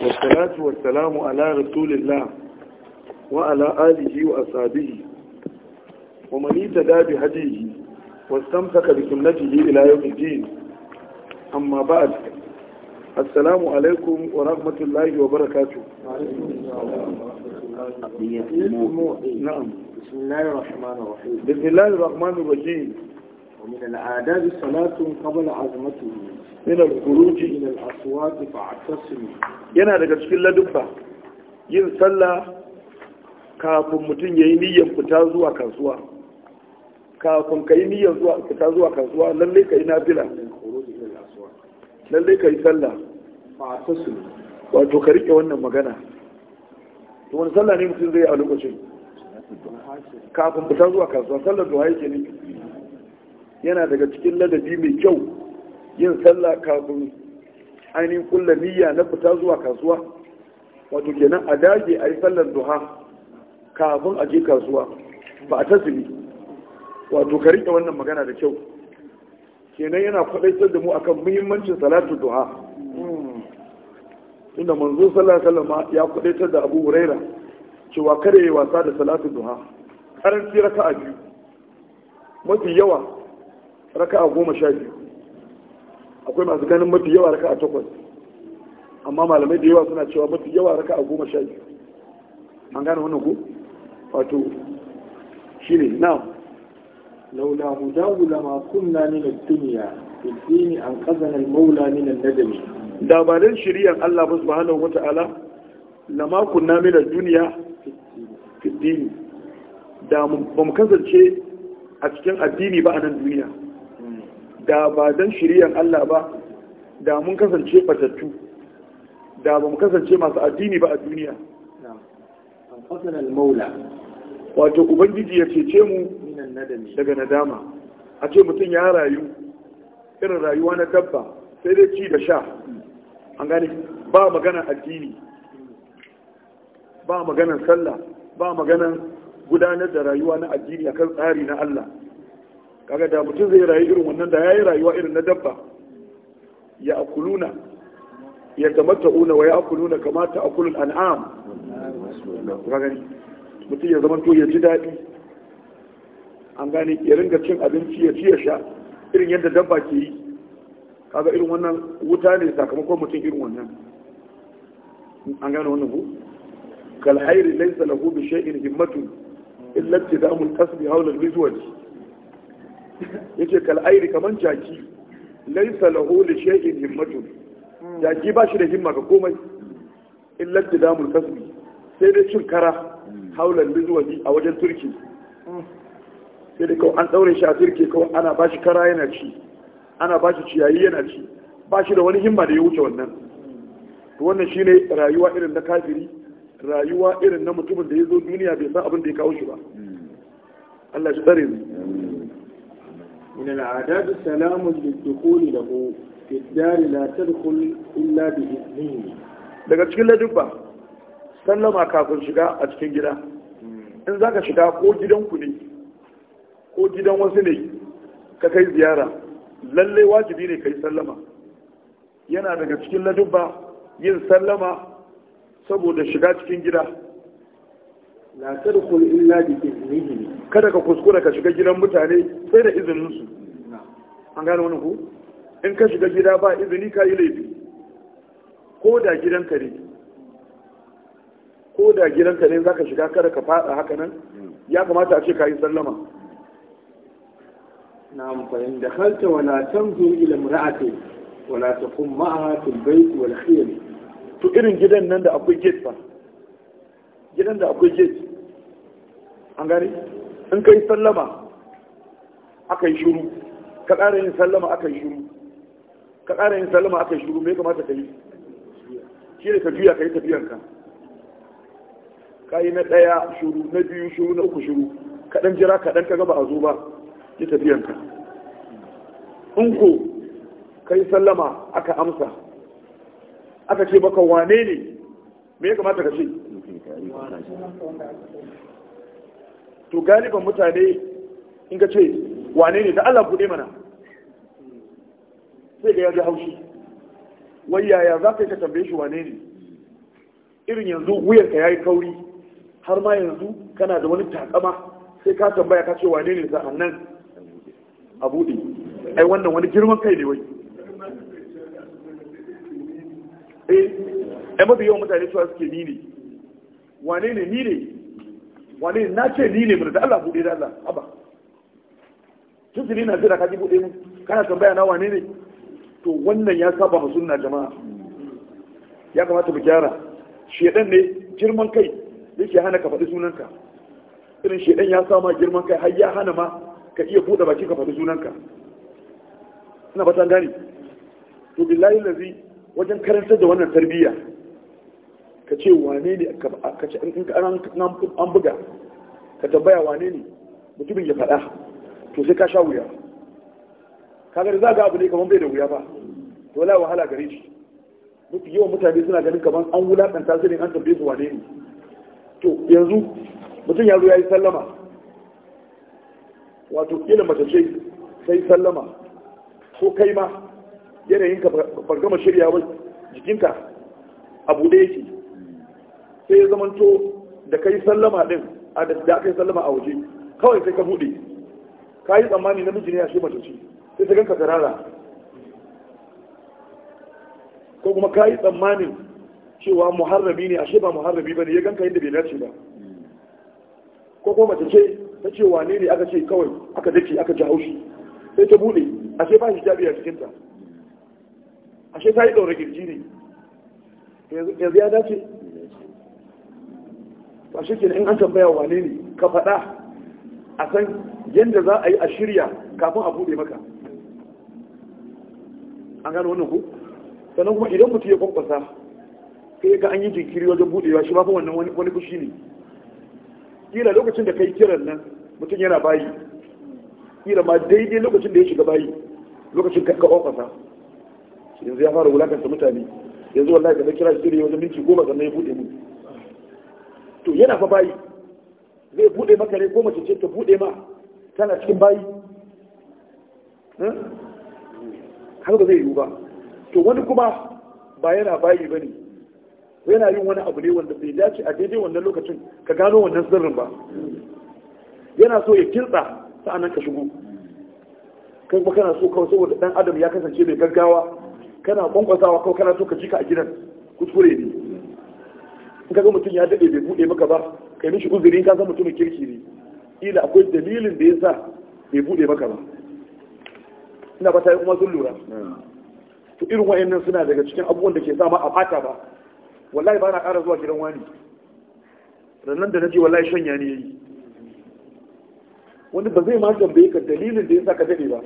والصلاة والسلام على رسول الله وعلى آله وأصحابه ومن يتدى بهديه واستمسك بسنته إلى يوم الدين أما بعد السلام عليكم ورحمة الله وبركاته نعم بسم الله الرحمن الرحيم بسم الله الرحمن الرحيم ومن الآداب صلاة قبل عزمته من الخروج إلى الأصوات فاعتصموا ينا daga cikin ladubba yin sallah kafin mutum yayi niyyar fita zuwa kasuwa kafin ka yi niyyar fita zuwa kasuwa lalle ka yi nafila lalle ka yi sallah fa'atasu wato ka rike wannan magana wani sallah ne mutum zai a lokacin kafin fita zuwa kasuwa sallar duha yake ne yana daga cikin ladabi mai kyau yin sallah kafin ainihin kulla niyya na fita zuwa kasuwa wato kenan a dage a yi sallar duha kafin a je kasuwa ba a tasiri wato ka riƙe wannan magana da kyau kenan yana kwadaitar da mu akan muhimmancin salatu duha tunda manzo sallar alaihi ma ya kwadaitar da Abu Huraira cewa kada yayi wasa da salatu duha karanci raka'a biyu mafi yawa raka'a goma sha biyu akwai masu ganin mafi yawa raka'a takwas amma malamai da yawa suna cewa mafi yawa raka'a goma sha biyu an gane wannan ko wato shi ne na laula hudawula ma kunna min ad-dunya bidini an qazana al-maula min an-nadami da ba dan shari'an Allah ba subhanahu wata'ala lama kunna min ad-dunya fitini da ba mu kasance a cikin addini ba a nan duniya da ba don shirya Allah ba da mun kasance fatattu. da ba mu kasance masu addini ba a duniya wato ubangiji ya cece mu daga nadama a ce mutum ya rayu irin rayuwa na dabba sai dai ci da sha an gani ba maganan addini ba maganan sallah ba maganan gudanar da rayuwa na addini akan tsari na Allah kaga da mutum zai rayu irin wannan da yayi rayuwa irin na dabba ya akuluna ya gamata una wa ya akuluna kamata akulul an'am mutum ya zama to ya ji daɗi an gane ya ringa cin abinci ya ci ya sha irin yadda dabba ke yi kaga irin wannan wuta ne sakamakon mutum irin wannan an gane wannan ku kal hayri laysa lahu bi shay'in himmatu illa ibtidamul kasbi hawla al-mizwaj Yake kal'airi kamar kaman jaki laisa lahu li shay'in himmatu jaki ba shi da himma ga komai illa tidamul kasbi sai dai cin kara haulan bizuwani a wajen turki sai dai kawai an daure shi a turki kawai ana ba shi kara yana ci ana ba shi ciyayi yana ci ba shi da wani himma da ya wuce wannan to wannan shine rayuwa irin na kafiri rayuwa irin na mutumin da ya zo duniya bai san abin da ya kawo shi ba Allah shi tsare mu من العادات سلام daga cikin ladubba sallama kafin shiga a cikin gida in za ka shiga ko gidan ne ko gidan wasu ne ka kai ziyara lallai wajibi ne ka yi sallama yana daga cikin ladubba yin sallama saboda shiga cikin gida la tadkhul illa bi iznihi kada ka kuskura ka shiga gidan mutane sai da izinin su an gane wannan ku in ka shiga gida ba izini ka yi laifi ko da gidan ka ne ko da gidan ka ne zaka shiga kada ka fada haka nan ya kamata a ce ka yi sallama na'am fa in dakhalta wa la tanzur ila imra'ati wa la taqum ma'aha fil bayt wal khiyam to irin gidan nan da akwai gate fa gidan da akwai gate an gani in kai sallama aka yi shuru ka ƙara yin sallama aka yi shuru ka ƙara yin sallama aka yi shuru me kamata ka yi shi ne ka juya ka yi tafiyanka ka yi na ɗaya shuru na biyu shuru na uku shuru kaɗan jira kaɗan ka gaba a zo ba yi tafiyanka in ko ka yi sallama aka amsa aka ce baka wane ne me ya kamata ka ce to galiban mutane in ka ce wane ne da Allah bude mana sai ga ya ji haushi wai yaya za ka yi ka tambaye shi wane ne irin yanzu ka ya yi kauri har ma yanzu kana da wani takama sai ka tambaya ka ce wane ne a nan a buɗe ai wannan wani girman kai ne wai eh ai mafi yawan mutane cewa suke ni ne wane ne ni ne wane na ce ni ne da Allah buɗe da Allah haba tun su na jira kaji buɗe mu kana tambaya na wane ne to wannan ya saba ma sunna jama'a ya kamata mu gyara shedan ne girman kai yake hana ka faɗi sunanka irin shedan ya sama girman kai har ya hana ma ka iya buɗe baki ka faɗi sunanka ina fatan gani to billahi lazi wajen karantar da wannan tarbiyya ka ce wane ne ka ce an buga ka tambaya wane ne mutumin ya faɗa to sai ka sha wuya kaga da za ga abu ne kamar bai da wuya ba to wala wahala gare shi mafi yawan mutane suna ganin kamar an wulakanta su ne an tambaye su wane ne to yanzu mutum ya zo ya yi sallama wato ilin mace ce sai sallama ko kai ma yanayin ka fargama shirya wai jikinka abu da yake sai ya zamanto da kai sallama din a da aka yi sallama a waje kawai sai ka buɗe ka yi tsammani namiji ne a shi mace ce sai ta ganka tarara ko kuma ka yi tsammanin cewa muharrabi ne a shi ba muharrabi ba ne ya ganka yadda bai dace ba ko kuma mace ce ta ce wane ne aka ce kawai aka dace aka ji haushi sai ta buɗe ashe ba shi jabi a cikinta ashe ta yi ɗaure girji ne yanzu ya dace ba shi ke in an tambaya wane ne ka faɗa a san yadda za a yi a shirya kafin a buɗe maka an gano wannan ku sannan kuma idan mutum ya kwakwasa, sai ga an yi jinkiri wajen buɗewa shi ba fa wannan wani fushi ne kila lokacin da kai kiran nan mutum yana bayi kila ma daidai lokacin da ya shiga bayi lokacin ka kwakwasa. yanzu ya fara wulakanta mutane yanzu wallahi da na kira shi wajen minti goma sannan ya buɗe mu to yana fa bayi zai bude maka ne ko mace ce ta bude ma tana cikin bayi hmm? har ba zai yiwu ba to wani kuma ba yana bayi ba ne yana yin wani abu ne wanda bai dace a daidai wannan lokacin ka gano wannan sirrin ba yana so ya kirtsa sa'annan ka shigo kai kuma kana so kawai saboda dan adam ya kasance mai gaggawa kana kwankwasawa kawai kana so ka jika a gidan kuskure ne in kaga mutum ya dade bai bude maka ba kai mishi uzuri ka san mutumin kirki ne ila akwai dalilin da yasa bai bude maka ba ina ba yi kuma sun lura to irin wayannan suna daga cikin abubuwan da ke sa ma a fata ba wallahi ba na ƙara zuwa gidan wani rannan da naje wallahi shanya ne yayi wani ba zai ma tambaye ka dalilin da yasa ka dade ba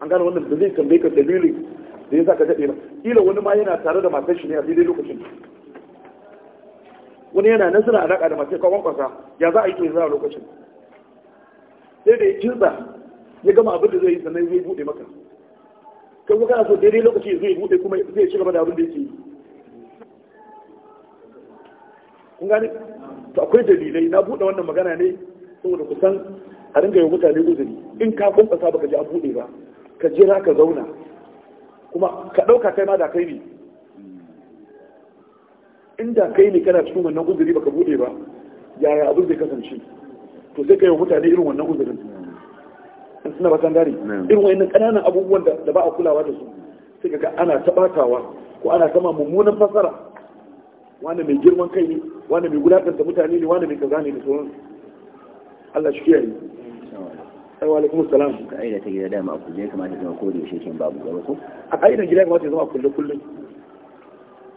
an gane wannan da zai tambaye ka dalilin da yasa ka dade ba kila wani ma yana tare da matar shi ne a daidai lokacin wani yana nan suna alaƙa da matar kawon kwasa ya za a yi to yanzu a lokacin sai da ya kinsa ya gama abin da zai yi sannan zai buɗe maka kai kuma kana so daidai lokaci zai buɗe kuma zai ci gaba da abin da yake yi kun gane to akwai dalilai na buɗe wannan magana ne saboda kusan a ringa yi mutane uzuri in ka kunsa baka ji a buɗe ba ka jira ka zauna kuma ka ɗauka kai ma da kai ne inda kai ne kana cikin wannan uzuri baka bude ba yaya abin zai kasance to sai kai mutane irin wannan uzurin in suna ba gari irin wannan ƙananan abubuwan da ba a kulawa da su sai ka ana taɓatawa ko ana sama mummunan fasara wani mai girman kai ne wani mai gudanar da mutane ne wani mai kaza ne da sauransu Allah shi kiyaye wa alaikum salam ka aida ta gida dama a kullum kamata zama ko da yaushe kin babu gaba ko a kaidan gida kamata ya zama a kullum kullum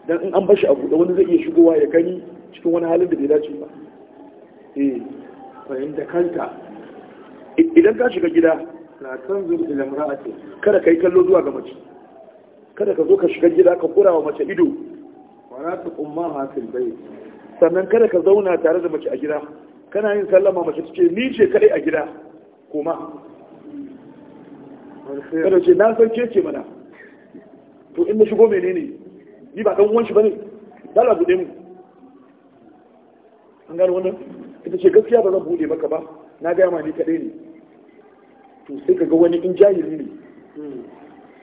dan in an bashi a buɗe wani zai iya shigowa ya gani cikin wani halin da bai dace ba eh fahimta kanta. idan ka shiga gida la tanzur ila imra'ati kada kai kallo zuwa ga mace kada ka zo ka shiga gida ka kura wa mace ido wa wala ta ummaha fil bayt sannan kada ka zauna tare da mace a gida kana yin sallama mace tace ni ce kadai a gida koma kada ce na san ke ce mana to in na shigo menene ni ba dan uwanshi bane dala bude mu an gano wannan ita ce gaskiya ba zan bude maka ba na gaya ma ni kadai ne to sai ka ga wani in jahili ne hmm.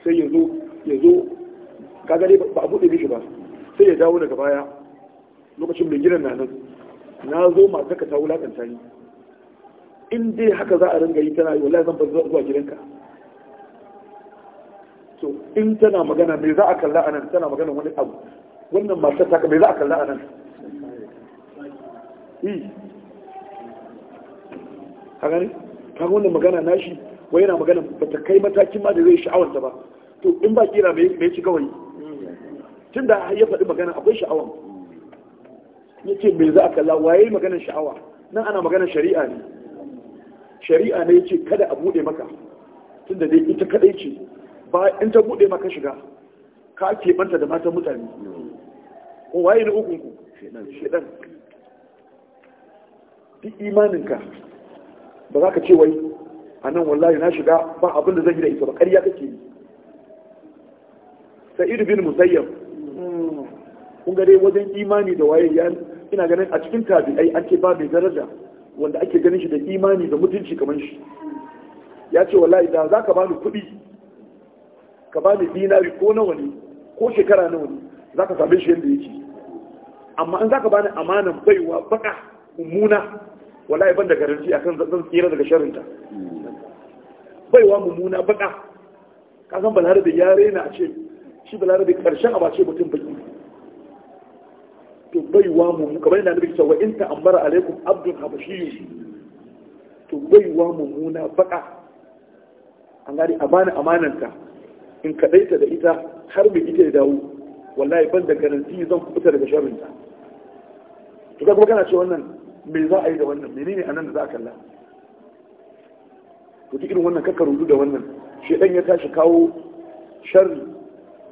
sai ya zo ya zo kaga dai ba a bude mishi ba sai ya dawo daga baya lokacin mai gidan na nan na zo ma ka ta wulakanta ni in dai haka za a ringa yi tana yi wallahi zan bar zuwa gidanka to in tana magana me za a kalla anan tana magana wani abu wannan matar taka me za a kalla anan yi haka ne ga wannan magana nashi wai yana magana ba ta kai matakin ma da zai sha'awanta ba to in ba kira me ya ci kawai tun da ya faɗi magana akwai sha'awan ya ce me za a kalla waye maganar sha'awa nan ana maganar shari'a ne shari'a ne ce kada a bude maka tunda dai ita kadai ce ba in ta bude maka shiga ka ke banta da matan mutane ko waye ne ukun ku shedan duk imaninka ba za ka ce wai a nan wallahi na shiga ba abin da zan yi da ita ba ƙarya kake yi sa'idu bin musayyab hmm. kun ga dai wajen imani da waye ina ganin a cikin tabi'ai ake ba mai daraja wanda ake ganin shi da imani da mutunci kamar shi ya ce wallahi da za ka bani kuɗi ka bani dinari ko nawa ne ko shekara nawa ne za ka same shi yadda yake amma an za ka bani amanan baiwa baka mummuna wallahi ban da garanti akan zan tsira daga sharinta. baiwa mummuna baka kasan balarabe ya rena a ce shi balarabe karshen a bace mutum baki to wa mu kamar yana nufin cewa in ta'ammara alaikum abdun habashi to mu na baka an gari amana amananta in kadaita da ita har mai ita ya dawo wallahi ban da garanti zan fita daga ta to kuma kana cewa wannan me za a yi da wannan menene anan da za a kalla to duk irin wannan kakka rudu da wannan shedan ya tashi kawo sharri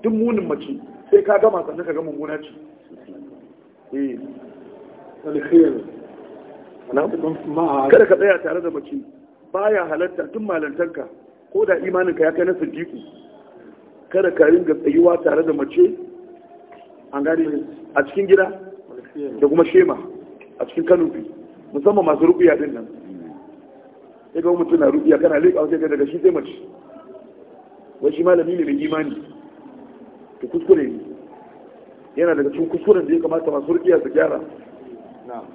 duk munin mace sai ka gama sannan ka ga mummuna ce kada ka tsaya tare da mace baya halatta tun malantarka ko da imaninka ya kai na sadiku kada ka ringa tsayuwa tare da mace an gane a cikin gida da kuma shema a cikin kanufi musamman masu rukuya din nan sai ga mutum na rukuya kana leƙa wasu yadda daga shi sai mace wai shi malami ne mai imani ta kuskure ne yana daga cikin kusurin da ya kamata masu rukiya su gyara na'am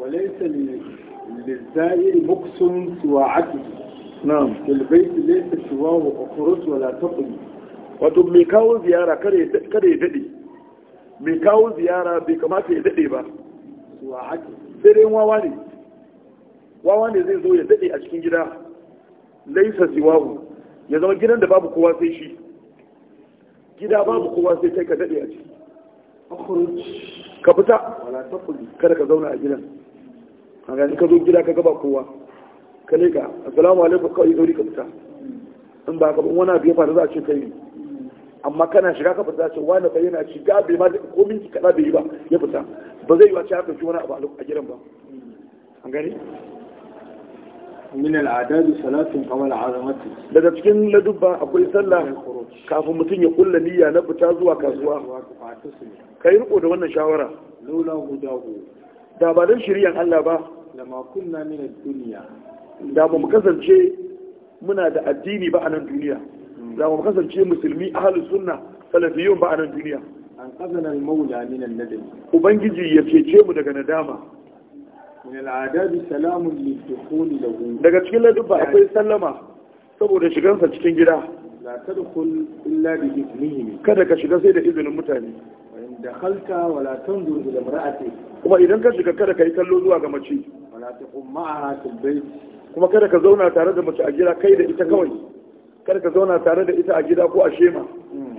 walaysa للزائر مقص سوى عقل نعم في البيت ليس سواه أخرج ولا wato mai kawo ziyara kada ya daɗe mai kawo ziyara bai kamata ya daɗe ba sai dai wawa ne wawa ne zai zo ya daɗe a cikin gida laisa siwahu ya zama gidan da babu kowa sai shi gida babu kowa sai kai ka daɗe a ciki ka fita kada ka zauna a gidan a gani ka zo gida ka gaba kowa ka leka assalamu alaikum kawai zauri ka fita in ba ka wani abu ya faru za a ce ka yi amma kana shiga ka fita ce wani fa yana shiga bai ma ko minti kaɗa bai yi ba ya fita ba zai yi wa wace haka shi wani abu a gidan ba a gani min al'adadu salatun qabla azamati daga cikin ladubba akwai sallah kafin mutum ya kulla niyya na fita zuwa kasuwa kai riko da wannan shawara laula hudahu da ba dan shiryan Allah ba lama kunna min ad-dunya da ba mu kasance muna da addini ba a nan duniya hmm. da mu kasance musulmi ahlus sunna salafiyun ba a nan duniya an qazana al-maula min ubangiji ya cece mu daga nadama daga cikin ladubba akwai sallama saboda shigansa cikin gida kada ka shiga sai da izinin mutane da halka kuma idan ka shiga kada ka yi kallo zuwa ga mace kuma kada ka zauna tare da mace a gida kai da ita kawai hmm. kada ka zauna tare da ita a gida ko a shema hmm.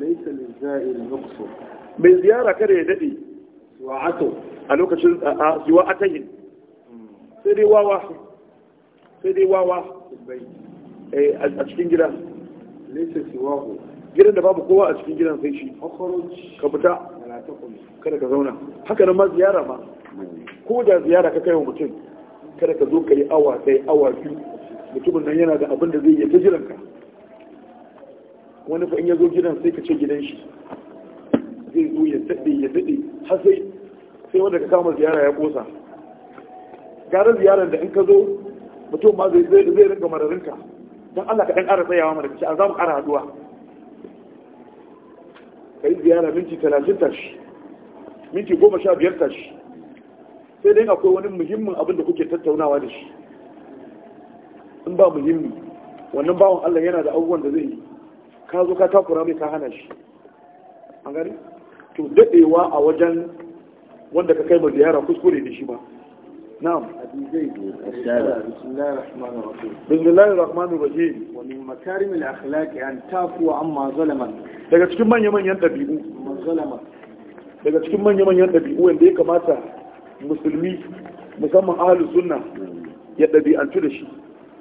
laysa bai ziyara kada ya dade wa a lokacin siwa atayin sai dai wawa sai dai wawa eh, a cikin gida laisa siwahu gidan da babu kowa a cikin gidan sai shi ka fita kada ka zauna haka nan ma ziyara ma ko da ziyara ka kai wa mutum kada ka zo ka yi awa yi awa biyu mutumin nan yana da abin da zai yi ta jiranka wani fa in ya zo gidan sai ka ce gidan shi zai zo ya daɗe ya daɗe har sai sai wanda ka kama ziyara ya ƙosa gara ziyarar da in ka zo mutum ma zai zai rinka mararinka don Allah ka ɗan ƙara tsayawa mana kace a za mu ƙara haɗuwa ka yi ziyara minti talatin tashi minti goma sha biyar tashi sai dai akwai wani muhimmin abin da kuke tattaunawa da shi in ba muhimmi wannan bawan Allah yana da abubuwan da zai yi ka zo ka takura mai ka hana shi an gani to dadewa a wajen wanda ka kai ma ziyara kuskure da shi ba نعم أبي زيد السابع بسم الله الرحمن الرحيم بسم zai الرحمن الرحيم ومن daga cikin manya-manyan ɗabi'u daga cikin manya-manyan ɗabi'u wanda ya kamata musulmi musamman ahalu sunna ya ɗabi'antu da shi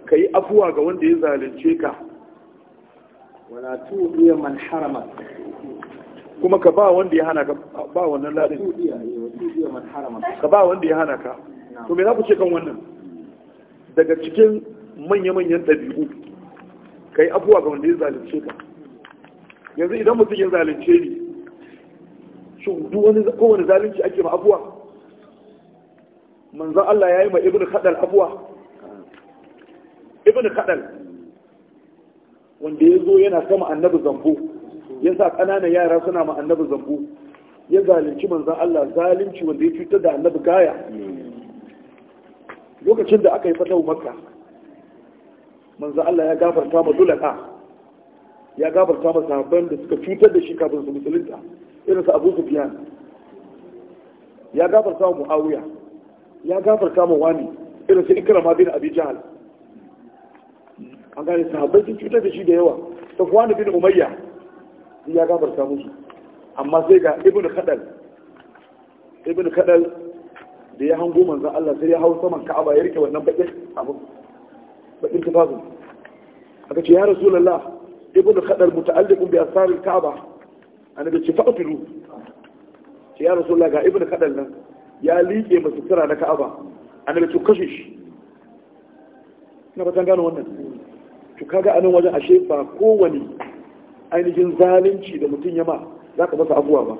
ka yi afuwa ga wanda ya zalunce ka wala tuɗiya man harama kuma ka ba wanda ya hana ka ba wannan ladin ka ba wanda ya hana ka to me za ku ce kan wannan daga cikin manya-manyan ɗabi'u ka yi abuwa ga wanda ya zalunce ka yanzu idan mutum ya zalunce ni shi duk wani kowane zalunci ake ma abuwa manzan Allah ya yi ma ibn kadal abuwa ibn kadal wanda ya zo yana sama annabi zambo ya sa ƙananan yara suna ma annabi zambo ya zalunci manzan Allah zalunci wanda ya cutar da annabi gaya lokacin da aka yi fatahu makka manzan Allah ya gafarta ma dulaka ya gafarta ma sahabban da suka cutar da shi kafin su musulunta irin su Abu Sufyan ya gafarta ma Muawiya ya gafarta ma wani irin su Ikrama bin Abi Jahl an gane sahabbai sun cutar da shi da yawa ta Safwan bin Umayya ya gafarta musu amma sai ga ibn kadal ibn kadal da ya hango manzan Allah sai ya hau saman ka'aba ya rike wannan bakin abu bakin tafazu aka ce ya rasulullah ibn kadal muta'alliqun bi asaril ka'aba annabi ce fa'tilu ce ya rasulullah ga ibn kadal nan ya liƙe masu sutura na ka'aba annabi ce kashe shi ina fatan gano wannan to kaga anan wajen ashe ba kowani ainihin zalunci da mutum ya ma za ka masa afuwa ba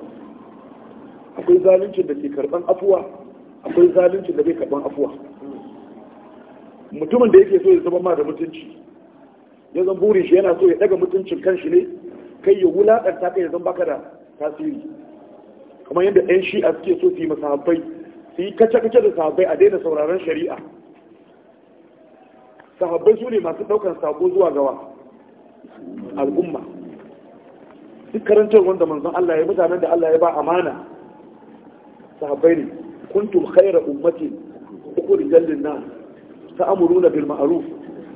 akwai zaluncin da ke karɓan afuwa akwai zaluncin da bai karɓan afuwa mutumin da yake so ya zama ma da mutunci ya zan buri shi yana so ya daga mutuncin kanshi ne kai ya wulaƙanta kai ya zan baka da tasiri kamar yadda ɗan shi a suke so su yi masahabbai su yi kace-kace da sahabbai a daina sauraron shari'a sahabbai su ne masu ɗaukar sako zuwa gawa al'umma duk karantar wanda manzon Allah ya mutanen da Allah ya ba amana sahabbai ne kuntum khayra ummati ukhrijal lin-nas ta'muruna bil ma'ruf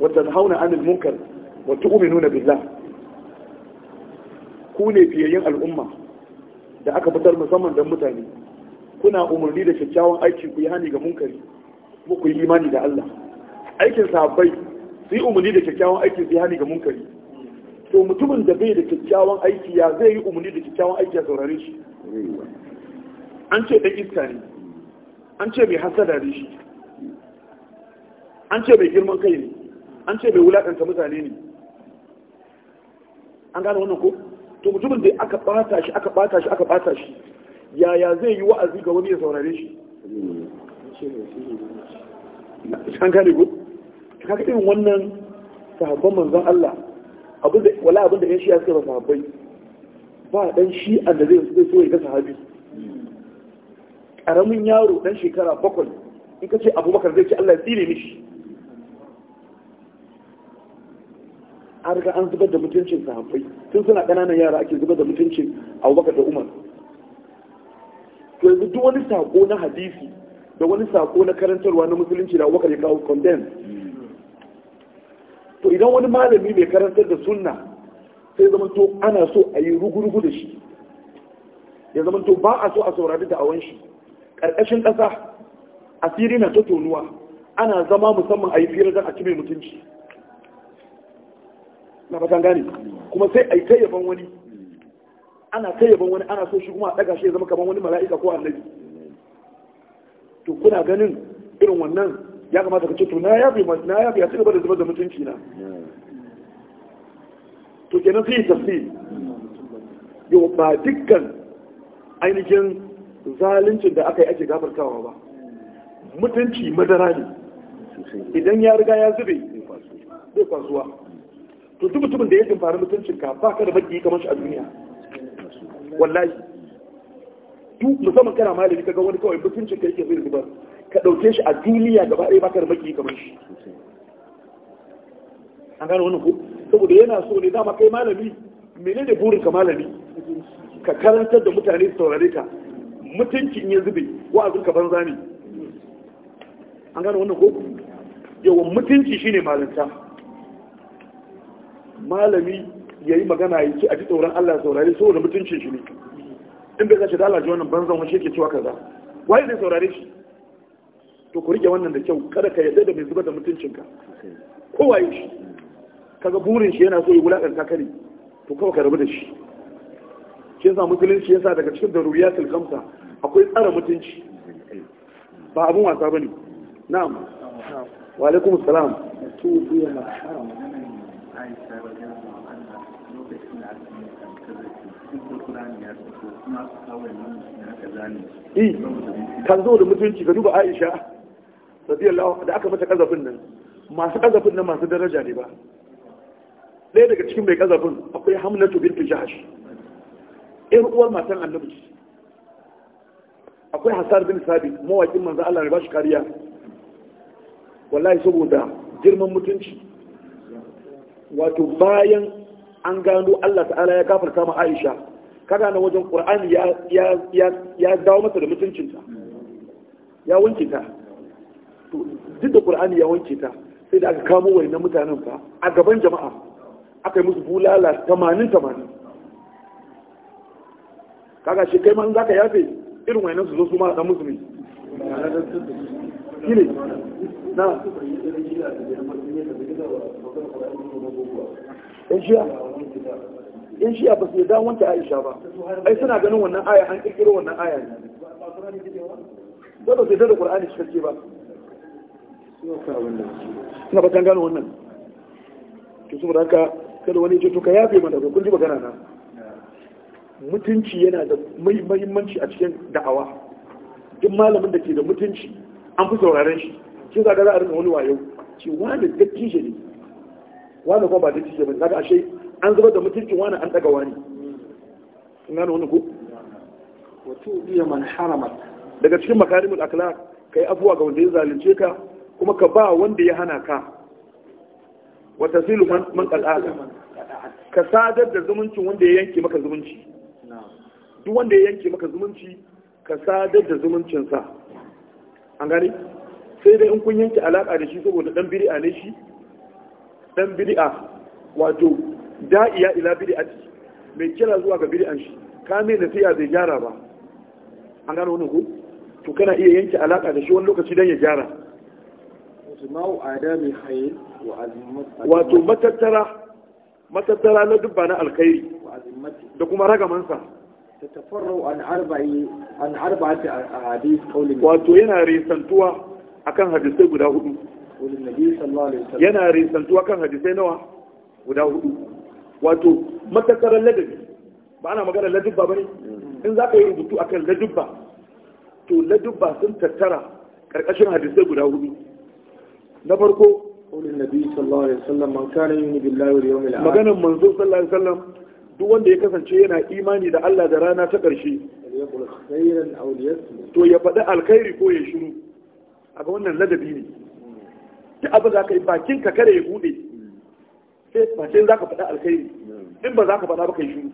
wa tanhauna 'anil munkar wa tu'minuna billah ku ne fiyayyen al'umma da aka fitar musamman don mutane kuna umarni da kyakkyawan aiki ku yi hani ga munkari kuma ku yi imani da Allah aikin sahabbai su yi umarni da kyakkyawan aiki su yi hani ga munkari to mutumin da bai da kyakkyawan aiki ya zai yi umarni da kyakkyawan aiki ya saurare shi an ce ɗan iska ne an ce mai hasada ne shi an ce mai girman kai ne an ce mai wulaƙanta mutane ne an gane wannan ko to mutumin da aka ɓata shi aka ɓata shi aka ɓata shi yaya zai yi wa'azi ga wani ya saurare shi an gane ko kaga irin wannan sahabban manzon Allah abinda wala abinda yan shi'a suka ba sahabbai ba dan da zai zai so ya ga sahabi karamin yaro dan shekara bakwai in ka ce abubakar zai ce Allah ya tsire mishi A riga an zubar da mutuncin sahabbai tun suna ƙananan yara ake zubar da mutuncin abubakar da umar to yanzu duk wani sako na hadisi da wani sako na karantarwa na musulunci da abubakar ya kawo condemn to idan wani malami mai karantar da sunna sai zama to ana so a yi rugurugu da shi ya zama to ba a so a saurari da awon shi ƙarƙashin ƙasa asiri na ta tonuwa ana zama musamman a yi firar don a ci mai mutunci na fatan gane kuma sai a yi tayyaban wani ana tayyaban wani ana so shi kuma a ɗaga shi ya zama kamar wani mala'ika ko annabi to kuna ganin irin wannan ya kamata ka ce to na yafi na yafi a cigaba da zubar da mutunci na to kenan sai tafi, yau ba dukkan ainihin zaluncin da aka yi ake gafartawa ba mutunci madara ne idan ya riga ya zube zai kwasuwa to duk mutumin da ya jimfari mutuncin ka ba ka da baki kamar shi a duniya wallahi duk musamman kana malami ga wani kawai mutuncin ka yake zai zubar ka ɗauke shi a duniya gaba ɗaya baka da maki kamar shi an gano wani ko saboda yana so ne dama kai malami mene ne burin ka malami ka karantar da mutane su saurare ka mutunci in ya zube wa'azin ka banza ne an gano wannan ko yawan mutunci shine malanta malami ya yi magana ya ce a ji tsoron Allah saurare saboda mutuncin shi ne in bai sace da Allah ji wannan banzan wani shi ke cewa kaza waye zai saurare shi to ku rike wannan da kyau kada ka yadda da mai zubar da mutuncinka kowa yi shi kaga burin shi yana so ya wulakanta ka ne to kawai ka rabu da shi shi yasa musulunci yasa daga cikin daruriyatul khamsa akwai tsara mutunci ba abun wasa bane na'am wa alaikum assalam to ya haram eh, kan zo da mutunci ka duba aisha radiyallahu da aka mata kazafin nan masu kazafin nan masu daraja ne ba ɗaya daga cikin mai kazafin akwai hamnatu bintu jahash ɗan uwar matan annabi akwai hasar bin sabi mawakin manzo Allah ba shi kariya wallahi saboda girman mutunci wato bayan an gano Allah ta'ala ya kafarta ma Aisha kaga na wajen Qur'ani ya ya ya dawo mata da mutuncinta ya wanke ta to duk da qur'ani ya wanke ta sai da aka kamo wayannan mutanen fa a gaban jama'a aka yi musu bulala 80 80 kaga shi kai ma in zaka yafe irin wayannan su zo su ma da musulmi shine na in shiya in shiya ba su yadda aisha ba ai suna ganin wannan aya an kirkiro wannan aya ne ba su yadda da qur'ani cikakke ba suna ba gano wannan ke su haka kada wani ce to ka yafe mana ko kun ji magana na mutunci yana da mahimmanci a cikin da'awa duk malamin da ke da mutunci an fi sauraren shi ce za ga za a rika wani wayo ce wani dattijo ne wani kuma ba dattijo ba zaka ashe an zubar da mutuncin wani an daga wani kun gano wani ko wato biya man haramat daga cikin makarimul akhlaq kai afuwa ga wanda ya zalunce ka kuma ka ba wanda ya hana ka wata silu man kal'ada ka sadar da zumuncin wanda ya yanke maka zumunci duk wanda ya yanke maka zumunci ka sadar da zumuncinsa an gani sai dai in kun yanke alaƙa da shi saboda ɗan biri'a ne shi ɗan biri'a wato da'iya ila biri'a mai kira zuwa ga biri'an shi ka mai nasiya zai gyara ba an gano wani ku to kana iya yanke alaƙa da shi wani lokaci don ya gyara wato matattara matattara na dubba na alkhairi da kuma ragaman sa tatafarru an arba'i an arba'ati ahadith qawli wato yana a kan hadisai guda hudu yana risantuwa kan hadisai nawa guda hudu wato matattara ladabi ba ana magana ladubba ne hmm. in za ka yi rubutu akan ladubba to ladubba sun tattara karkashin hadisai guda hudu na farko قول النبي sallallahu alaihi عليه وسلم من كان يؤمن بالله واليوم الآخر مغانا منظور صلى الله عليه duk wanda ya kasance yana imani da Allah da rana ta karshe to ya faɗi alkhairi ko ya shiru a ga wannan ladabi ne duk abu za ka yi bakin ka kare ya buɗe sai bakin za ka faɗi alkhairi in ba za ka faɗa ba ka yi shiru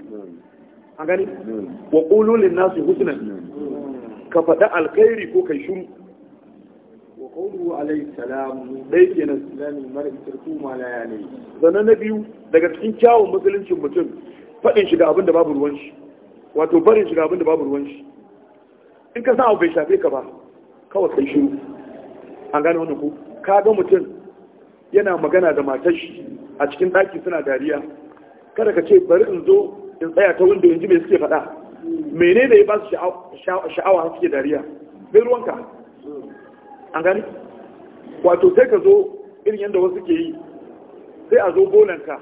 an gani wa ƙulu lin nasu husna. ka faɗi alkhairi ko kai shiru وقوله عليه السلام ليس الإسلام المرء تركه ما لا يعنيه sannan na biyu daga cikin kyawun musuluncin mutum faɗin shiga abin da babu ruwan shi wato barin shiga abin da babu ruwan shi in ka san abu bai shafe ka ba kawai kai shiru an gane wannan ko ka ga mutum yana magana da matar shi a cikin ɗaki suna dariya kada ka ce bari in zo in tsaya ta windo in ji me suke faɗa menene ya ba su sha'awa suke dariya bai ruwanka an gani wato sai ka zo irin yadda wasu ke yi sai a zo bolanka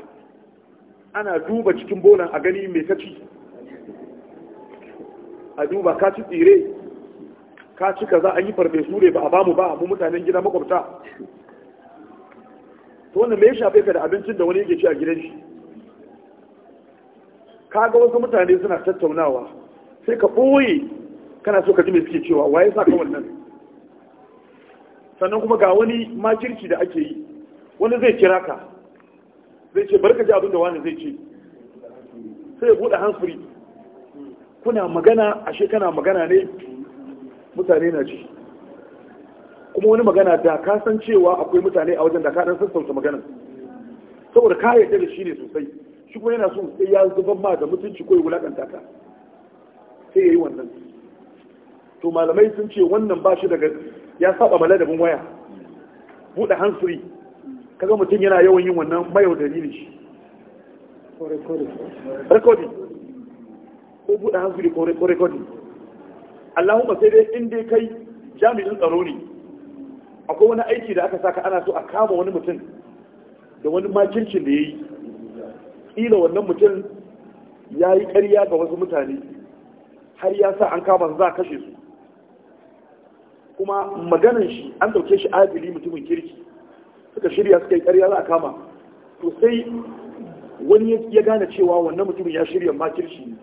ana duba cikin bolan a gani mai kaci a duba ka ci tsire ka ci kaza an yi farfesu ne ba a bamu ba mu mutanen gida makwabta to wanda me ya shafe ka da abincin da wani yake ci a gidan shi ka ga wasu mutane suna tattaunawa sai ka ɓoye kana so ka ji mai suke cewa waye sa ka wannan sannan kuma ga wani makirci da ake yi wani zai kira ka zai ce barka ji abinda wani zai ce sai ya buɗe hansuri kuna magana a shekana magana ne mutane na ji kuma wani magana da ka san cewa akwai mutane a wajen da ka ɗan sassauta magana. saboda ka yarda da shi ne sosai shi kuma yana so sai ya zubar ma da mutunci ko ya ka sai ya yi wannan to malamai sun ce wannan ba shi daga ya saba ma ladabin waya buɗe hansuri kaga mutum yana yawan yin wannan mayaudari ne shi rekodi ko buɗe hansuri ko rekodin allahumma sai dai in dai kai jami'in tsaro ne akwai wani aiki da aka saka ana so a kama wani mutum da wani makirkin da ya yi ƙila wannan mutum ya yi ƙarya ga wasu mutane har ya sa an kama su za a kashe su kuma maganan shi an dauke shi adili mutumin kirki suka shirya suka yi karya za a kama to sai wani ya gane cewa wannan mutumin ya shirya kirki ne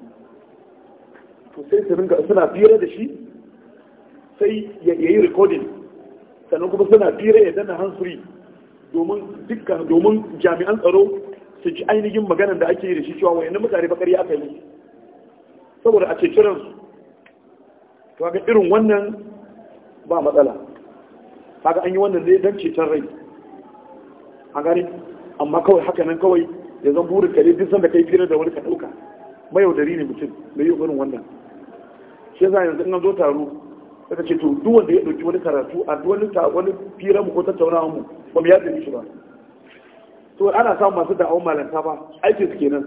to sai suna fira da shi sai ya yi recording sannan kuma suna fira ya dana hansuri domin dukkan domin jami'an tsaro su ci ainihin magana da ake yi da shi cewa wayannan mutane bakar ya aka yi saboda a ce kiransu to ga irin wannan ba matsala kaga an yi wannan ne don ceton rai A gani. amma kawai haka nan kawai ya zan burin kare duk sanda kai firar da wani ka ɗauka mayaudari ne mutum mai yi irin wannan shi a yanzu ina zo taro daga ce to duk wanda ya ɗauki wani karatu a duk wani wani firar mu ko tattaunawa mu ba mu yaɗa shi ba to ana samun masu da'awun malanta ba aikin su kenan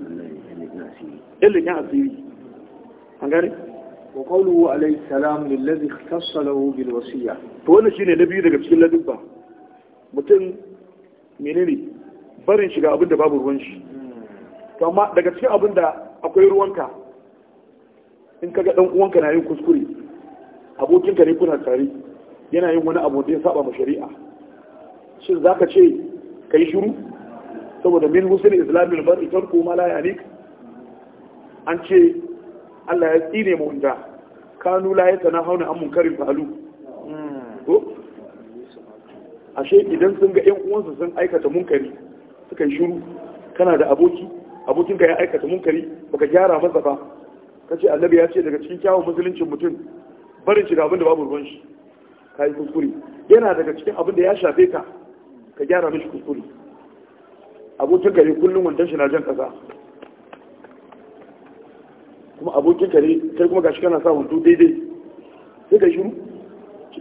ilimin asiri an gani. wa qawluhu alayhi salam lillazi ikhtassa lahu bil wasiya to wannan shine na biyu daga cikin ladubba mutum menene barin shiga abinda babu ruwan shi to amma daga cikin abinda akwai ruwanka in kaga dan uwanka na yin kuskure abokinka ne kuna tare yana yin wani abu da ya saba ma shari'a shin zaka ce kai shiru saboda min husn islamin bar itar ma la yanik an ce Allah ya tsine mu inda kanu la ya tana hauna an munkarin fa'alu ashe idan sun ga ƴan uwansu sun aikata munkari suka yi shiru kana da aboki abokin ka ya aikata munkari baka gyara masa ba kace annabi ya ce daga cikin kyawun musuluncin mutum barin shiga abin da babu ruwan shi kai kuskure yana daga cikin abin da ya shafe ka ka gyara mishi kuskure abokin ka ne kullum wancan shi na jan kasa abokin kare kai kuma gashi kana sa hudu daidai sai ka shiru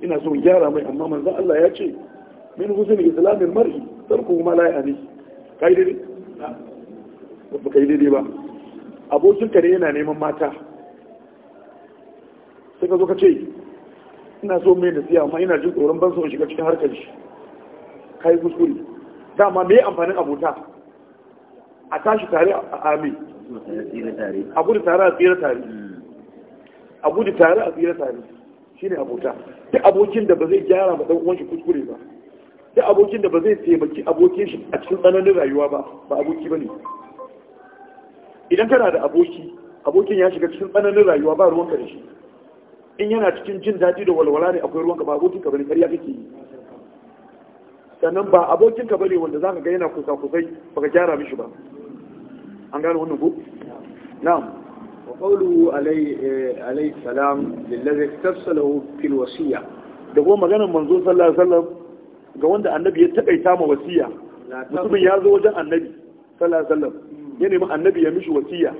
ina so gyara mai amma manzo Allah ya ce min husni islamil mar'i tarku ma la ya'ni kai daidai ba kai daidai ba abokin kare yana neman mata sai ka zo ka ce ina so mai nasiya amma ina jin tsoron ban so shiga cikin harkar shi kai kuskure dama me amfanin abota a tashi tare a amin a gudu tare a tsira tare a gudu tare a tsira tare shi ne abota duk abokin da ba zai gyara ma ɗan uwan shi kuskure ba duk abokin da ba zai taimaki abokin shi a cikin tsananin rayuwa ba ba aboki ba ne idan kana da aboki abokin ya shiga cikin tsananin rayuwa ba ruwanka da shi in yana cikin jin daɗi da walwala ne akwai ruwanka ba abokin ka bane ƙarya kake yi sannan ba abokin ka bane wanda zaka ga yana kusa kusai baka gyara mishi ba an gano wannan ku na'am وقوله عليه عليه السلام للذي استفسله في الوصية da kuma maganar manzo sallallahu alaihi wasallam ga wanda annabi ya takaita ma wasiyya mutumin ya zo wajen annabi sallallahu alaihi wasallam hmm. ya nemi annabi ya mishi wasiyya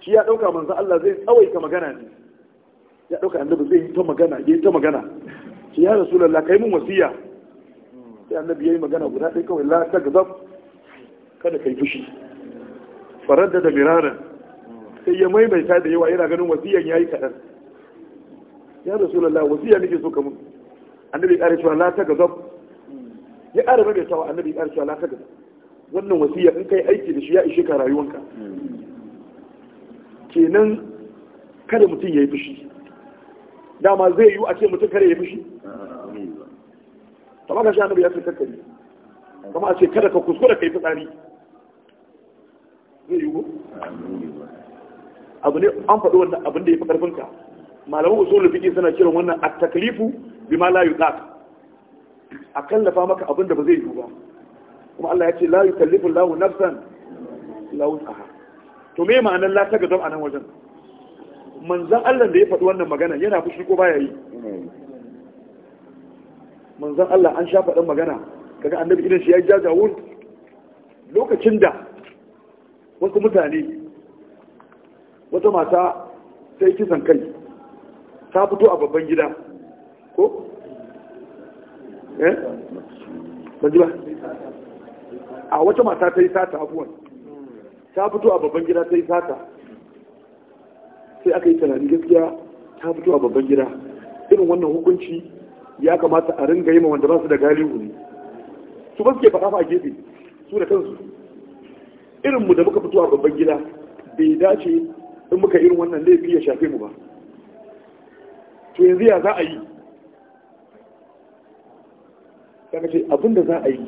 shi ya dauka manzo Allah zai tsawaita magana ne ya dauka annabi zai yi ta magana yi ta magana shi ya rasulullahi kai mun wasiyya hmm. sai annabi ya yi magana guda ɗaya kawai la ta tagzab kada kai fushi faradda da miraran sai ya maimaita da yawa yana ganin wasiyan ya yi kadan ya rasulullah wasiya nake so ka mun annabi ƙari cewa la ta gazab ya ƙara maimaita wa annabi ƙari cewa la ta gazab wannan wasiya in kai aiki da shi ya ishe ka rayuwanka kenan kada mutum ya yi fushi dama zai yi a ce mutum kada ya yi fushi kamar ka sha annabi ya fi kakkari kama a ce kada ka kuskura ka yi fitsari abu ne an faɗi wannan abin da ya fi ƙarfinka malaman usulul fiqh suna kiran wannan at-taklifu bima la yuqat a kallafa maka abin da ba zai yiwu ba kuma Allah ya ce la yukallifu Allahu nafsan la wus'aha to me ma'anar la taga zam a nan wajen manzan Allah da ya faɗi wannan magana yana fushi ko baya yi manzan Allah an sha faɗin magana kaga annabi idan shi ya jajawur lokacin da wasu mutane wata mata sai kisan kai ta fito a babban gida ko? eh? ba a wata mata ta yi sata abuwan ta fito a babban gida ta yi sata sai aka yi tunani gaskiya ta fito a babban gida irin wannan hukunci ya kamata a ringa yi ma wanda ba su da galihu ne su ba suke faɗa fa a gefe su da kansu irinmu da muka fito a babban gida bai dace in muka irin wannan laifi ya shafe mu ba to yanzu ya za a yi daga ce abinda za a yi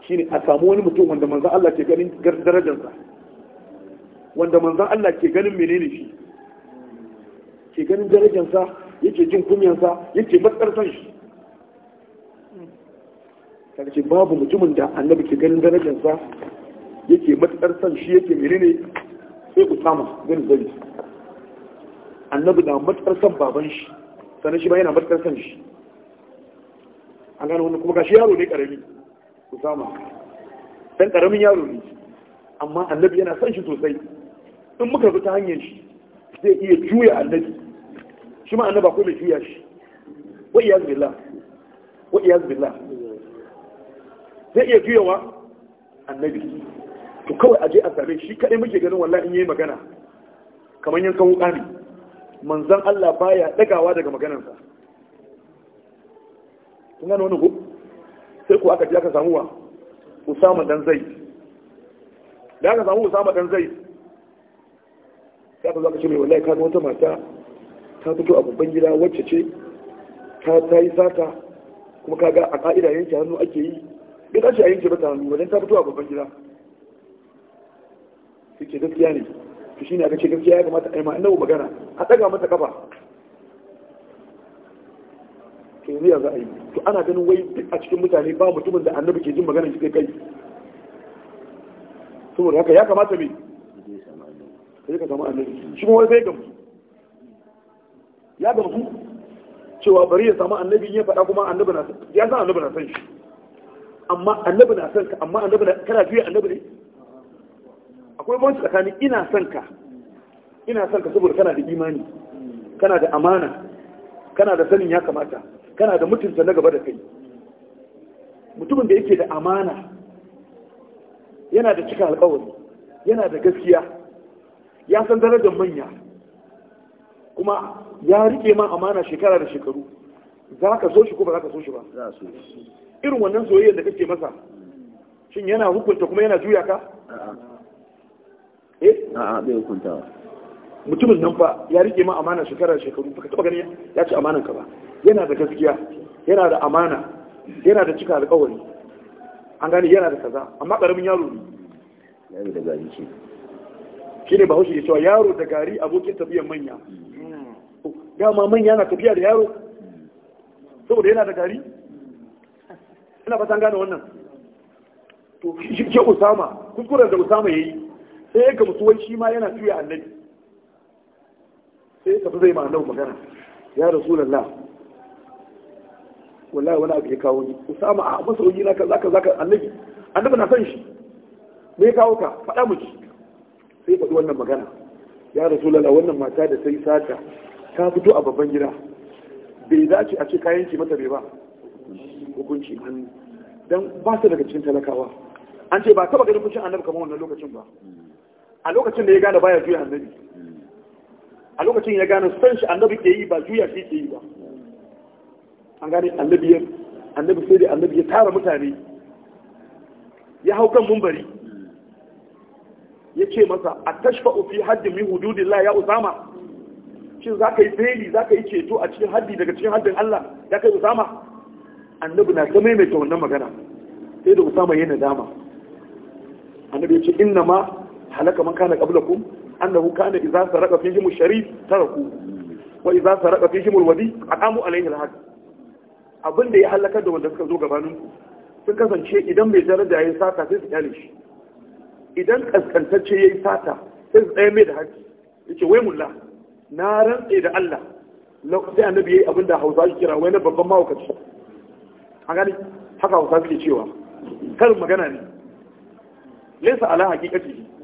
shi ne a samu wani mutum wanda manzan Allah ke ganin darajarsa wanda manzan Allah ke ganin menene shi ke ganin darajarsa yake jin kunyansa yake matsarsan shi daga ce babu mutumin da annabi ke ganin darajarsa yake matukar son shi yake menene sai usama gani zai annabi na matukar son baban shi sannan shi ba yana matukar son shi an gano wani kuma gashi yaro ne ku usama don ƙaramin yaro ne amma annabi yana son shi sosai in muka bi ta hanyar shi zai iya juya annabi shi ma annaba ko mai juya shi wa iyaz billah wa iyaz billah zai iya juyawa annabi to kawai aje a same shi kaɗai muke ganin wallahi in yi magana kamar yankan wuka ne manzan Allah baya ɗagawa daga maganarsa kun gano wani ko sai ko aka ji aka samu wa Usama dan zai. da aka samu Usama dan zai, sai aka zo aka ce mai wallahi ka ga wata mata ta fito a babban gida wacce ce ta ta yi sata kuma kaga a ka'ida yanke hannu ake yi bai dace a yanke ba ta hannu wajen ta fito a babban gida suke gaskiya ne to shine a ce gaskiya ya kamata ai ma annabi magana a daga mata kafa to yanzu za a yi to ana ganin wai duk a cikin mutane ba mutumin da annabi ke jin magana shi kai saboda haka ya kamata me kai ka samu annabi shi kuma zai gamsu ya gamsu cewa bari ya samu annabi ya faɗa kuma annabi na ya san annabi na san shi amma annabi na san ka amma annabi na kana juya annabi ne akwai banci tsakanin ina son ka ina son ka saboda kana da imani kana da amana kana da sanin ya kamata kana da mutunta na gaba da kai mutumin da yake da amana yana da cika alkawari yana da gaskiya ya san darajar manya kuma ya rike ma amana shekara da shekaru za ka so shi ko ba za ka so shi ba irin wannan soyayyar da kake masa shin yana hukunta kuma yana juya ka eh a'a bai hukuntawa mutumin nan fa ya rike ma amana shekara shekaru baka taba ganin ya ci amanan ka ba yana da gaskiya yana da amana yana da cika alƙawari an gane yana da kaza amma karamin yaro ne yaro da gari ce shi ne bahaushe ya cewa yaro da gari abokin tafiyan manya dama manya na tafiya da yaro saboda yana da gari ina fatan gane wannan to shi ke usama kuskuren da usama ya yi sai ya gamsu wai shi ma yana tuya annabi sai ya tafi zai ma annabi magana ya rasulullah wallahi wani abu ya kawo ni usama a masoyi na kaza kaza ka annabi annabi na san shi me ya kawo ka faɗa mu ci sai faɗi wannan magana ya rasulullah wannan mata da sai sata ta fito a babban gida bai dace a ce kayan ki mata bai ba hukunci hannu dan ba su daga cikin talakawa an ce ba taba ganin fushin annabi kamar wannan lokacin ba a lokacin da ya gane baya juya annabi a lokacin ya gane san shi annabi ke yi ba juya shi ke yi ba an gane annabi annabi sai da annabi ya tara mutane ya hau kan mumbari ya ce masa a tashfa ofi haddin min la ya usama shin za ka yi beli za ka yi ceto a cikin haddi daga cikin haddin Allah ya kai usama annabi na ta maimaita wannan magana sai da usama yana dama annabi ya ce inna ma halaka man kana qablakum annahu kana idza saraka fihim ash-sharif taraku wa idza saraka fihim al-wadi aqamu alayhi al-haq abinda ya halaka da wanda suka zo gabanin ku sun kasance idan mai da yayin sata sai su kyale shi idan kaskantacce yayin sata sai su tsaye mai da haƙi yace wai mulla na rantse da Allah sai annabi yayi abinda Hausa shi kira wai na babban mahaukaci an gani haka Hausa suke cewa karin magana ne laysa ala haqiqatihi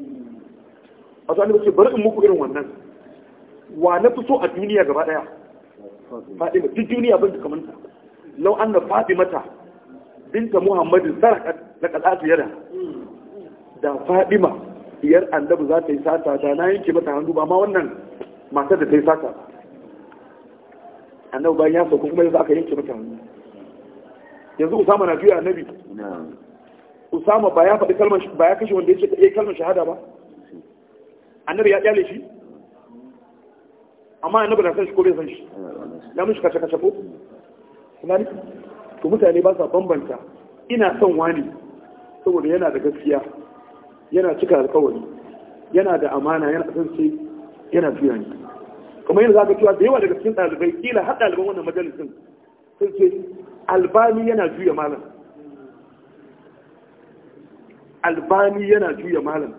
wato annabi ce bar in muku irin wannan wa na fi so a duniya gaba ɗaya? fatima duk duniya ban kamar ta na anna fatimata binta muhammadin sarakat na qadatu yada da fatima diyar annabi za ta yi sata da na yanke mata hannu ba ma wannan matar da ta yi sata ba annabi bayan ya sauka kuma yanzu aka yanke mata hannu yanzu usama na juya annabi usama ba ya faɗi kalmar ba ya kashe wanda ya ce eh, kalmar shahada ba annabi ya kyale shi amma annabi na san shi ko bai san shi ya mishi kashe kashe ko kuma ni to mutane ba sa bambanta ina son wani saboda yana da gaskiya yana cika alkawari yana da amana yana san sai yana juya ni kuma yanzu zaka cewa da yawa daga cikin ɗalibai kila har ɗaliban wannan majalisin sun ce albani yana juya malam albani yana juya malam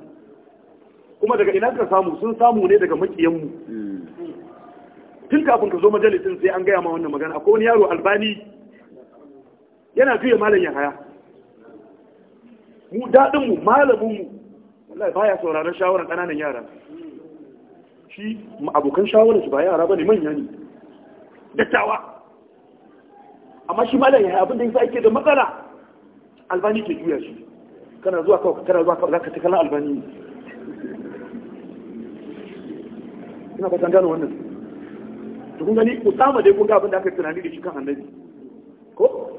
kuma daga ina ka samu sun samu ne daga makiyanmu tun kafin ka zo majalisin sai an gaya ma wannan magana akwai wani yaro albani yana juya malam ya haya mu daɗin mu malamin mu wallahi baya sauraron shawarar ƙananan yara shi abokan shawarar shi ba yara ba ne, manya ne dattawa amma shi malam ya haya abinda da yasa ake da matsala albani ke juya shi kana zuwa kawai kana zuwa kawai zaka ta kallon albani ina fatan gano wannan to kun gani usama dai kun ga abin da aka tunani da shi kan annabi ko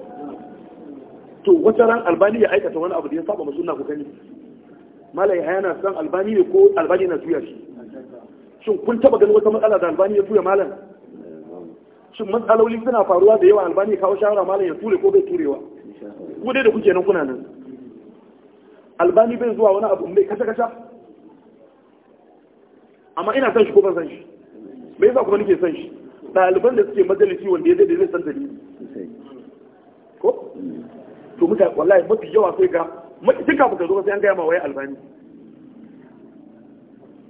to wata ran albani ya aikata wani abu da ya saba ma sunna ku gani malai haya na san albani ne ko albani na tuya shi shin kun taba ganin wata matsala da albani ya tuya malam shin matsaloli suna faruwa da yawa albani ya kawo shawara malam ya ture ko bai turewa ku dai da kuke nan kuna nan albani bai zuwa wani abu mai kasa kasa amma ina san shi ko ban san shi me yasa kuma nake san shi ɗaliban da suke majalisi wanda ya da zai san dalili ko to mutane wallahi mafi yawa sai ga duka baka zo sai an gaya ma waye albani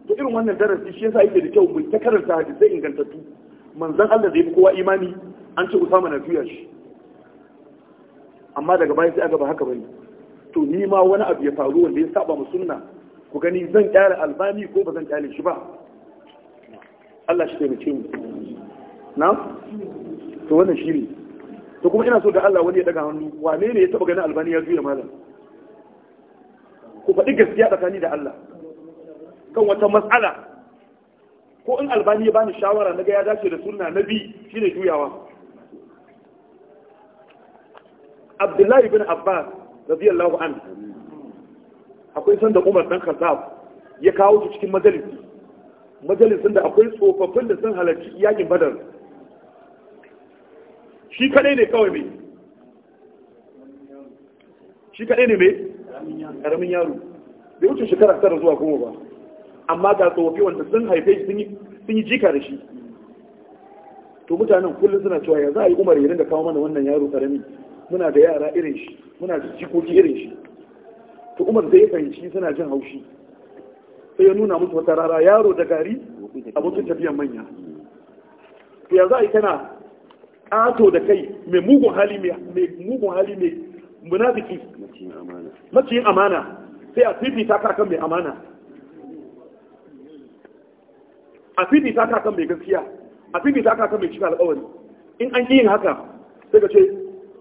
to irin wannan darasi shi yasa yake da kyau mu ta karanta hadisai ingantattu manzon Allah zai fi kowa imani an ce Usama na juya shi amma daga baya sai aka ba haka bane to ni ma wani abu ya faru wanda ya saba mu sunna ku gani zan kyale albani ko ba zan kyale shi ba Allah shi taimake mu na to wannan shi ne to kuma ina so da Allah wani ya daga hannu wane ne ya taba gani albani ya juya malam ku faɗi gaskiya tsakani da Allah kan wata matsala ko in albani ya bani shawara na ga ya dace da sunna na bi shine juyawa Abdullahi bin Abbas radiyallahu anhu akwai sanda umar dan khattab ya kawo su cikin majalisi majalisin da akwai tsofaffin da sun halarci yakin badar shi kadai ne kawai mai shi kadai ne mai karamin yaro bai wuce shekara tara zuwa goma ba amma ga tsofaffi wanda sun haife shi sun yi jika da shi to mutanen kullum suna cewa ya za a yi umar ya ringa kawo mana wannan yaro karami muna da yara irin shi muna da jikoki irin shi to umar da ya fahimci suna jin haushi sai ya nuna musu wata rara yaro da gari abokin tafiyan manya ya za a yi kana ƙato da kai mai mugun hali mai mugun hali mai munafiki maciyin amana sai a fifita ka mai amana a fifita ka mai gaskiya a fifita ka mai cika alƙawari in an yi yin haka sai ka ce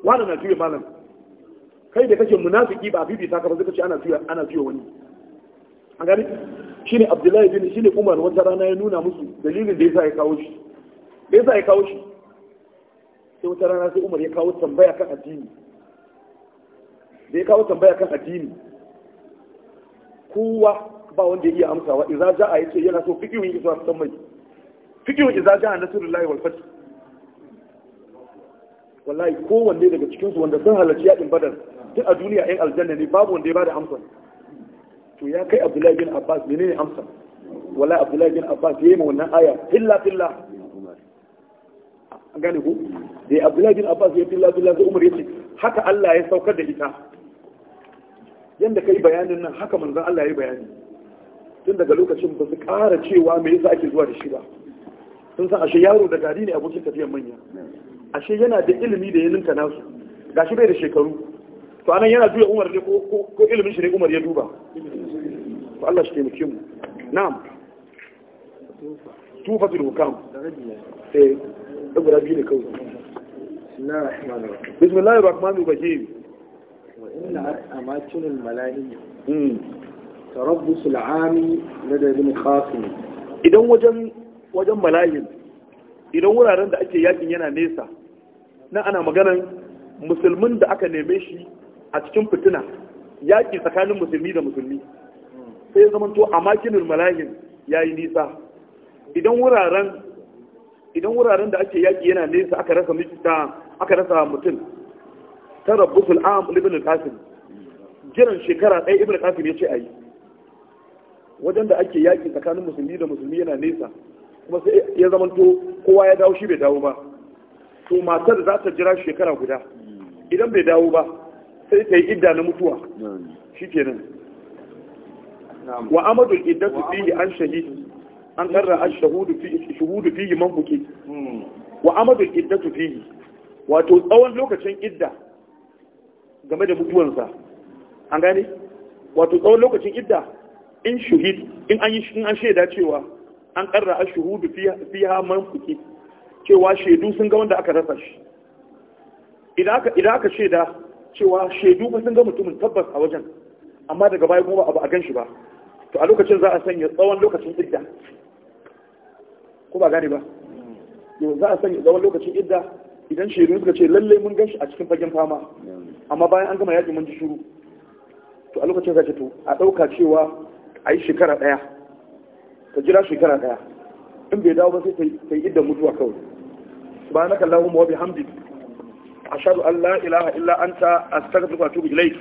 wani na juya malam kai da kake munafiki ba bibi ta kafa ce ana juya ana juya wani an gani shine abdullahi bin shine umar wata rana ya nuna musu dalilin da yasa ya kawo shi da yasa ya kawo shi sai wata rana sai umar ya kawo tambaya kan addini da ya kawo tambaya kan addini kowa ba wanda ya iya amsawa idza ja'a yace yana so fiqhu yake so a san mai fiqhu idza ja'a nasrullahi wal fath wallahi kowanne daga cikinsu wanda sun halarci yaɗin badar duk a duniya yan aljanna ne babu wanda ya bada amsa to ya kai abdullahi bin abbas menene amsa wallahi abdullahi bin abbas ya yi ma wannan aya filla filla an gane ku da abdullahi bin abbas ya filla filla sai umar ya ce haka Allah ya saukar da ita yanda kai bayanin nan haka manzon Allah ya yi bayani tun daga lokacin ba su ƙara cewa me yasa ake zuwa da shi ba sun san ashe yaro da gari ne abokin tafiyar manya ashe yana da ilimi da ya ninka nasu ga shi bai da shekaru to anan yana duya umar ne ko ilimin shi ne umar ya duba to Allah shi muke mu na'am tufa bil hukam eh guda biyu ne kawai bismillahir rahmanir rahim wa inna amatunul malahi تربص العام لدى ابن خاصم idan wajen wajen malayin idan wuraren da ake yakin yana nesa nan ana maganan musulmin da aka neme shi a cikin fitina yaƙi tsakanin musulmi da musulmi sai ya zama to a makinin malahin ya yi nisa idan wuraren da ake yaƙi yana nesa aka rasa mutum aka rasa mutum ta rabu sul'am ibn qasim jiran shekara ɗaya ibn qasim ya ce a yi wajen da ake yaƙi tsakanin musulmi da musulmi yana nesa kuma sai ya to kowa ya dawo shi bai dawo ba to matar za ta jira shekara guda idan bai dawo ba sai ta yi idda na mutuwa shi ke nan, wa amadul iddatu fihi an shahi an karra an shahudu fi shuhudu fihi man buki hmm. wa su fi yi, wato tsawon lokacin idda game da mutuwansa an gane wato tsawon lokacin idda in shahid in an shaida cewa an karra an shuhudu fiha man buki cewa shaidu sun ga wanda aka rasa shi idan aka shaida cewa shaidu ba sun ga mutumin tabbas a wajen amma daga baya kuma abu a gan shi ba to a lokacin za a sanya tsawon lokacin idda ko ba gane ba yau za a sanya tsawon lokacin idda idan shaidu suka ce lallai mun gan shi a cikin fagen fama amma bayan an gama yaƙi mun ji shiru to a lokacin za ce to a ɗauka cewa a yi shekara ɗaya ka jira shekara ɗaya in bai dawo ba sai ta yi idda mutuwa kawai Bana na kalla kuma wabi hamdi ashadu shaɗu Allah ila'a illa an ta a tsakasar kwatu ilai